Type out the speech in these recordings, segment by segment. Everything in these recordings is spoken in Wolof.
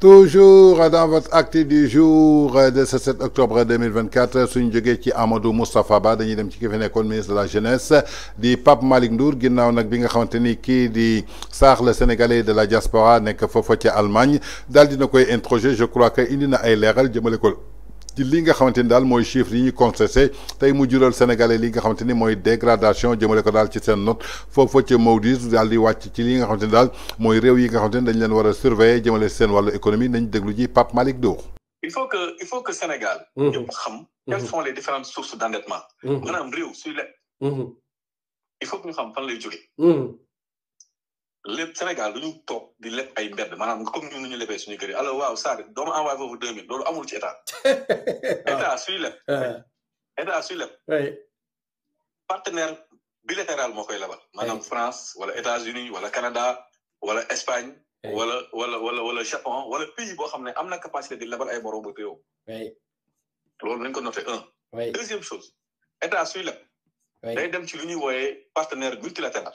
toujours dans votre acte du jour de ce 7 octobre 2024 Je suis ci Amadou Moustapha Ba dañuy dem ministre de la jeunesse di Pape Malik Ndour ginnaaw nag bi nga De la le sénégalais de la diaspora Nek foofa ci Allemagne daal dina koy introduire, je crois que y a ay leeral ci li nga xamante ni daal mooy yi ñu contesté tay mu jural sénégalais li nga xamante ni dégradation jëmale ko dal ci sen note fofu ci Maudis dal di wacc ci li nga xamante ni daal mooy yi nga xamanteni dañ leen wara a surveiller jëmale sen walu économie nañ déglu ji Pape malik Dour. il faut que il faut que Sénégal. Mmh. ñëpp xam. Mmh. quelles sont les différentes sources d'endettement manam mmh. rew réew suy lekk. il faut que ñu xam fan lay jógee. lépp Sénégal du ñu toog di leb ay mbedd maanaam comme ñun ñu lebee suñu kër yi alors waaw Sadio doo ma envoyé foofu deux mille loolu amul ci état état suy leb ah. partenaire bilatéral moo koy lebal maanaam France wala États-Unis wala Canada wala Espagne wala wala wala wala Japon wala pays boo xam ne am na capacité di labal ay borom bu teew loolu nañ ko noté un deuxième chose état suy leb day dem ci lu ñuy wooyee partenaire multilatéral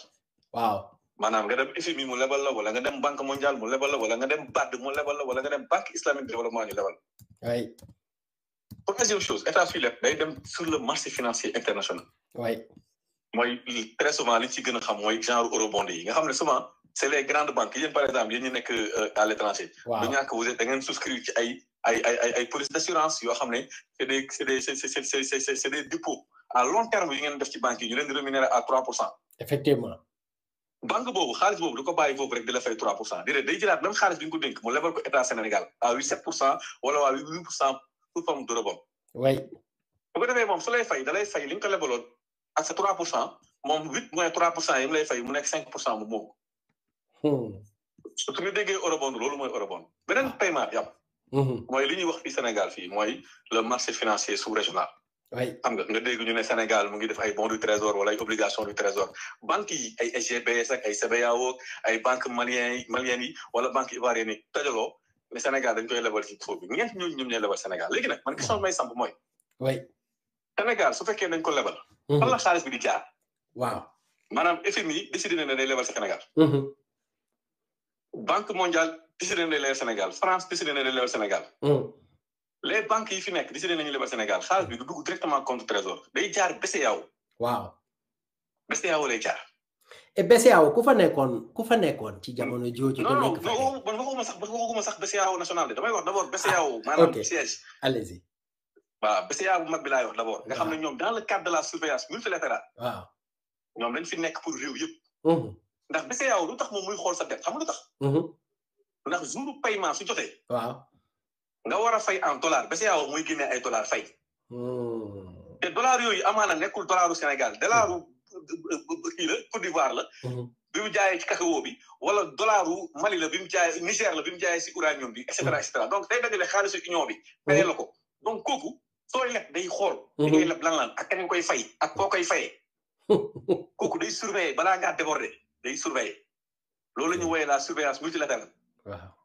waaw manam nga dem FMI mu lebal la wala nga dem banque mondiale mu lebal la wala nga dem BAD mu lebal la wala nga dem banque islamique de développement ñu lebal. oui. première chose état suy leb day dem sur le marché financier international. oui. moy très souvent li ci gëna xam moy genre eurobond yi nga xam souvent c'est les grandes banques yéen par exemple yéen ñu nek euh, à l'étranger étranger. waaw du ñàkk vous êtes da ngeen souscrire ci ay ay ay ay police d' assurance yoo xam ne des c'est est des c'est est c' est des dépôts à long terme yi ngeen def ci banque yi ñu leen rémunérer à 3 effectivement banque boobu xaalis boobu du ko bàyyi foofu rek di la fay 3 pour cent déedéet day jëlaat même xaalis bi ñu ko dénk mu lebal ko état Sénégal à 8 7 pour cent wala waa 8 8 pour cent sous forme de rebond. oui. bu ko defee moom su lay fay da lay fay li nga ko lebaloon ak sa 3 pour cent moom 8 moins 3 pour cent yi mu lay fay mu nekk 5 pour cent mu moom. Hmm. surtout ñu déggee eurobond loolu mooy eurobond beneen ah. paiement bi am. Hmm. mooy li ñuy wax fii Sénégal fii mooy le marché financier sous régional. xam nga nga dégg ñu ne Sénégal mu ngi def ay bons du trésor wala ay obligations du trésor banques yi ay SGBS ak ay CBAO ak ay wala banque ivoirienne yi tajaloo ne Sénégal dañ koy lebal ci foofu bi ñeent ñooñu ñoom ñooy lebal Sénégal léegi nag man question may mooy. oui. Sénégal su fekkee dañ ko lebal. Mhm. fan la xaalis bi di jaar. maanaam FMI décidé na ne day lebal Sénégal. Mhm. banque mondiale décidé na ne day Sénégal France décidé na ne day Sénégal. Mhm. les banques yi fi nekk décidé nañu lebal Sénégal xaalis bi du dugg directement compte trésor day jaar BCEAO. waaw. BCEAO lay jaar. et BCEAO ku fa nekkoon ku fa nekkoon ci jamono jooju. non non non man waxuma sax waxuma sax BCEAO national de damay wax d' abord BCEAO. Ah, maanaam siège. allez-y. waaw BCEAO bu mag bi laay wax d' abord. nga xam ne ñoom dans le cadre de la surveillance multilatérale. waaw ñoom dañ fi nekk pour réew yëpp. ndax BCEAO lu tax moom muy xool sa dette xam nga lu tax. ndax jour paiement su jotee. waaw. nga wara fay en dollar ba ya CAO muy guiné ay dollar fay. Oh. te dollar yooyu amaana nekkul dollaru Sénégal dollaru hmm. ki la Côte d'Ivoire la. Hmm. bi mu jaayee ci cacao bi wala dollaru Mali la bimu mu Niger la bimu mu ci uranium bi et cetera et cetera donc day dajale xaalisu union bi. fayee hmm. lako donc koku soo leb day xol ngay leb lan lan ak ngay koy fay ak koo koy koku day surveiller bala nga déborder day surveiller lolou lañu woyé la surveillance multilatérale. waaw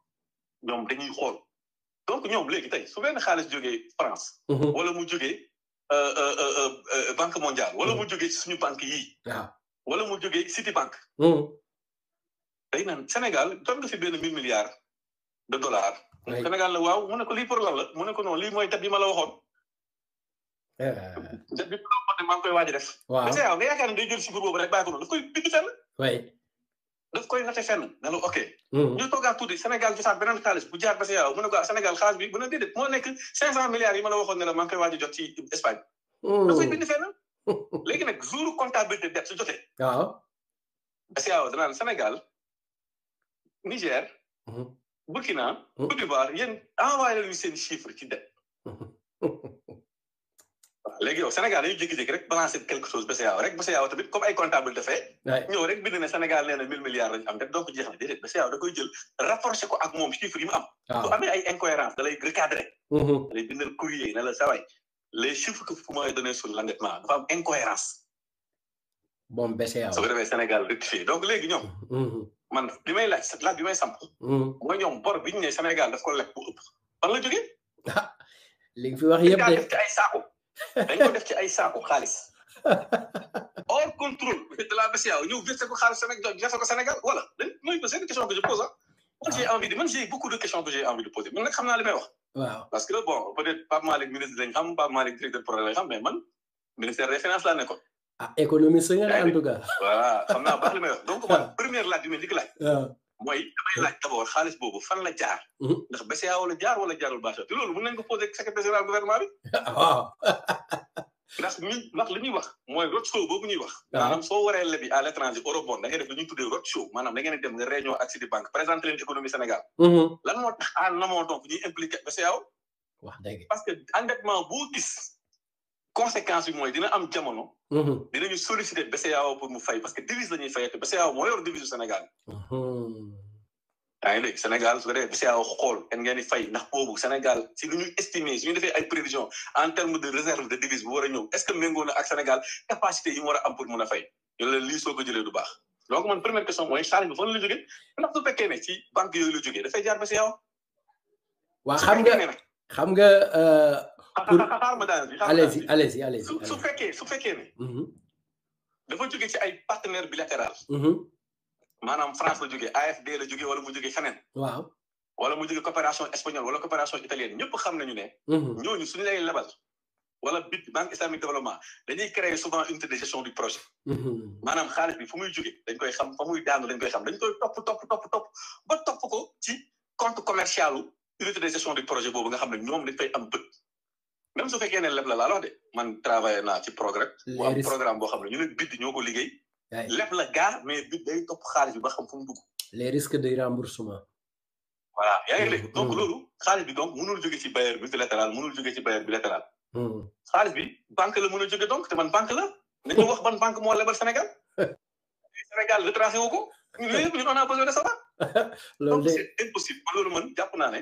ñoom dañuy xol donc ñoom léegi tey su benn xaalis jógee France. Mhm. wala mu jógee euh, euh, euh, banque mondiale wala mu mhm. jógee suñu banque yii. Ah. wala mu jógee Citibank. day mhm. naan Sénégal jot nga fi benn mille milliards de dollars. Sénégal la waaw mu ne ko lii pour lan la mu ne ko non lii mooy dab bi ma la waxoon. Ah. dab bi ma la waxoon ne maa ngi koy waaj a def. mais yow nga yaakaar ne day jël si boobu rek bàyyi ko noonu daf koy bind fenn. daf koy noté fenn ne la ok. Hmm. ñu toogaa tuuti Sénégal jotaat beneen xaalis bu jaar ba si yaaw mu ne ko ah, Sénégal xaalis bi mu ne déedéet moo nekk 500 milliards yi ma la waxoon ne la maa ngi koy a jot ci Espagne. Hmm. da koy bind fenn. léegi nag jour comptabilité dette su jotee. waaw. Ah. ba si yaaw danaan Sénégal Niger. Hmm. Burkina. Côte d'Ivoire yéen envoyé leen seen chiffre ci de voilà léegi yow Sénégal dañuy jékki-jékki rek balancer quelque chose BCEAO rek BCEAO tamit comme ay comptable dafee ñëw rek bind ne Sénégal nee na mille milliards lañu am rek doo ko jeex na déedéet BCEAO da koy jël rapproché ko ak moom chiffre yi mu am bu ah. amee ay incohérence da lay recadré mm-hmm. da lay bindal courrier ne la saway les chiffres que vous m'avez donné sur l'endettement dafa am incohérence bon BCEAO soo ko defee Sénégal rectifié donc léegi ñoom mm-hmm. man bi may laaj laaj bi may samp mm-hmm. mooy ñoom bor biñ ne Sénégal daf ko lekk bu ëpp fan la jógee li nga fi wax yëpp de dañ ko def ci ay saaku xaalis hors contrôle de la BCEAO ñu versé ko xaalis Sénégal versé ko Sénégal voilà mooy c'est une question que je pose ah. j'ai envie de même j'ai beaucoup de questions que j'ai envie de poser man nag xam naa li may wax. waaw parce que bon peut-être Pape Malick ministre lañ xam Pape Malick directeur programme lañ xam mais man ministère des finances laa nekkoon. ah économie sëñ en tout cas. voilà xam naa baax li may wax donc man première laaj bi ma njëkk laaj. mooy damay laaj d'abord xaalis boobu fan la jaar. Mhm. ndax BCEAO wala jaar wala jaarul BCEAO te loolu mën nañ ko posé secrétaire général gouvernement bi. waaw. Ah. li ñuy wax mooy roadshow boobu ñuy wax. Ah. maanaam soo waree lebi à l'étranger Eurobond da ngay def lu ñuy da ngeen dem nga réunion présenté leen économie Sénégal. Mhm. lan moo tax à namoon donc ñuy impliqué BCEAO. wax dëgg parce boo gis. conséquence bi mooy dina am jamono. Mhm. dinañu solliciter BCEAO pour mu fay parce que devise la ñuy fayee te BCEAO moo yor devise Sénégal. Mhm. yaa ngi dégg Sénégal su ko defee BCEAO xool kenn ngeen di fay ndax boobu Sénégal si lu ñu estimer su ñu defee ay prévisions en terme de réserve de devise bu war a ñëw est ce que méngoo na ak Sénégal capacité yi mu war a am pour mun a fay ñu ne lii soo ko jëlee du baax. donc man première question mooy charge bi fan la jógee ndax su fekkee ne ci banque yooyu la jógee dafay jaar BCEAO. waa xam nga xam nga. Euh, pour allez-y allez-y y su partenaires bilatéral mhm. France la jóge AFD la jóge wala mu jóge waaw wala coopération espagnole wala coopération italienne ñëpp xam nañu ne. Mhm. ñooñu suñu lay lebal. wala BID banque islamique développement dañuy créer souvent unité de gestion du projet. Mhm. compte commercial. unité de gestion du projet boobu nga xam ne ñoom dañ fay su fekkee ne leb la laa de man travaillé naa ci programme bu boo xam ne ñu ne ko liggéey leb la gaar mais bid day topp xaalis bi ba xam fu mu dugg les risques de remboursement voilà yaa ngi dégg mm, donc mm. loolu xaalis bi donc mënul jóge ci bailleur multilatéral mënul jóge ci bailleur bilatéral mm. xaalis bi banque la mën a joge donc te man banque la nañu wax ban banque moo lebal Sénégal Sénégal retracé wu ko ñu yëpp ñu on a besoin de savoir donc c'est impossible ba loolu man jàpp naa ne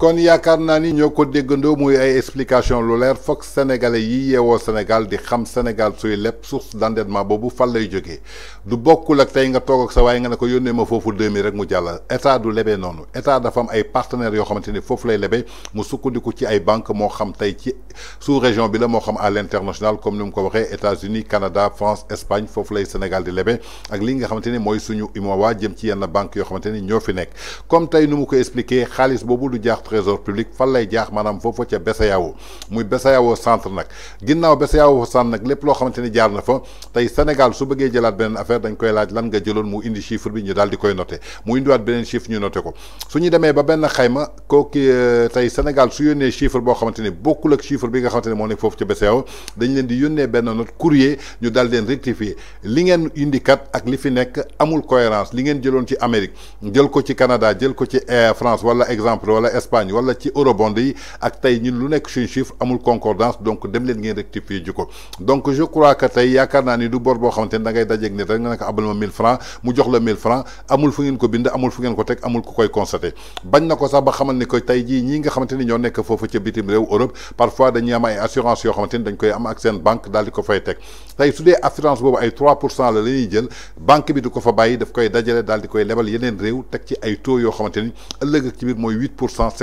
kon yaakaar naa ni ñoo ko déggandoo muy ay explication lu leer foog sénégalais yi yeewoo Sénégal di xam Sénégal suy lépp source d'endettement boobu fan lay jógee du bokkul ak tey nga toog ak sa waaye nga ne ko yónnee ma foofu 2000 rek mu jàll état du lebee noonu état dafa am ay partenaires yoo xamante ni foofu lay lebee mu sukkandiku ci ay banque moo xam tey ci sous région bi la moo xam à l'international comme ni mu ko waxee États-Unis Canada France Espagne foofu lay Sénégal di lebee ak li nga xamante ni mooy suñu imowa jëm ci yenn banque yoo xamante ni ñoo fi nekk comme tey nu mu ko expliqué xaalis boobu du jaax trésor public fan lay jaax maanaam foofu ca BCEAO muy BCEAO centre nag ginnaaw BCEAO centre nag lépp loo xamante ni jaar na fa tey Sénégal su bëggee jëlaat beneen affaire dañ koy laaj lan nga jëloon mu indi chiffre bi ñu daal di koy noté mu indiwaat beneen chiffre ñu noté ko su ñu demee ba benn xayma kooki euh, tey Sénégal su yónnee chiffre boo xamante bokkul ak chiffre bi nga xamante ni moo nekk foofu ca BCEAO dañ leen di yónnee benn note indi kat ak li fi nekk amul cohérence li ngeen jëloon ci Amérique ci Canada jël ko ci France wala exemple wala Espagne campagne wala ci eurobond yi ak tay ñun lu nekk suñu chiffre amul concordance donc dem leen ngeen rectifier ji donc je crois que tay yaakaar na ni du bor bo xamante da ngay dajeeg nit rek nga abal ma 1000 francs mu jox la 1000 francs amul fu ngeen ko bind amul fu ngeen ko tek amul ku koy constater bañ na sax ba xamal ko tay ji ñi nga xamante ño ñoo nekk foofu ca bitim rew Europe parfois dañuy am ay assurance yo xamante dañ koy am ak seen banque dal di ko fay tek tay su dee assurance bobu ay 3 la la jël banque bi du ko fa bàyyi daf koy dajale dal di koy lebal yeneen rew tek ci ay taux yo xamante ni ëllëg ak ci bir moy 8 pour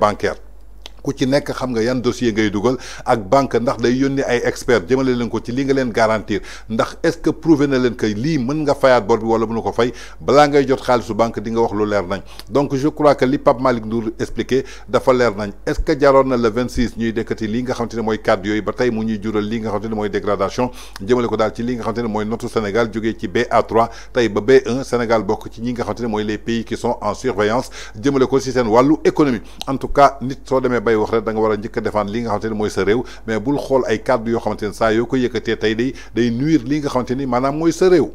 bancaire ku ci nekk xam nga yan dossier ngay dugal ak banque ndax day yónni ay expert jëmale leen ko ci li nga leen garantir ndax est-ce que prouvé na leen que lii mën nga fayaat bor bi wala mënu ko fay balaa ngay jot xaalisu banque di nga wax lu leer nañ donc je crois que li Pape malik Ndour expliqué dafa leer nañ est-ce que jaroon na le 26 ñuy dekkati lii nga xamante ne mooy cadre yooyu ba tey mu ñuy jural lii nga xamante ne mooy dégradation jëmale ko daal ci li nga xamante ne mooy notre Sénégal jógee ci BA3 tey ba B1 Sénégal bokk ci ñi nga xamante ne mooy les pays qui sont en surveillance jëmale ko si seen wàllu économie en tout cas nit soo demee bay wax rek danga war a njëkk defaan défendre li nga xamante ni mooy sa réew mais bul xool ay kàddu yoo xamante ni saa yoo ko yëkkatee tey day day nuire li nga xamante ni maanaam mooy sa réew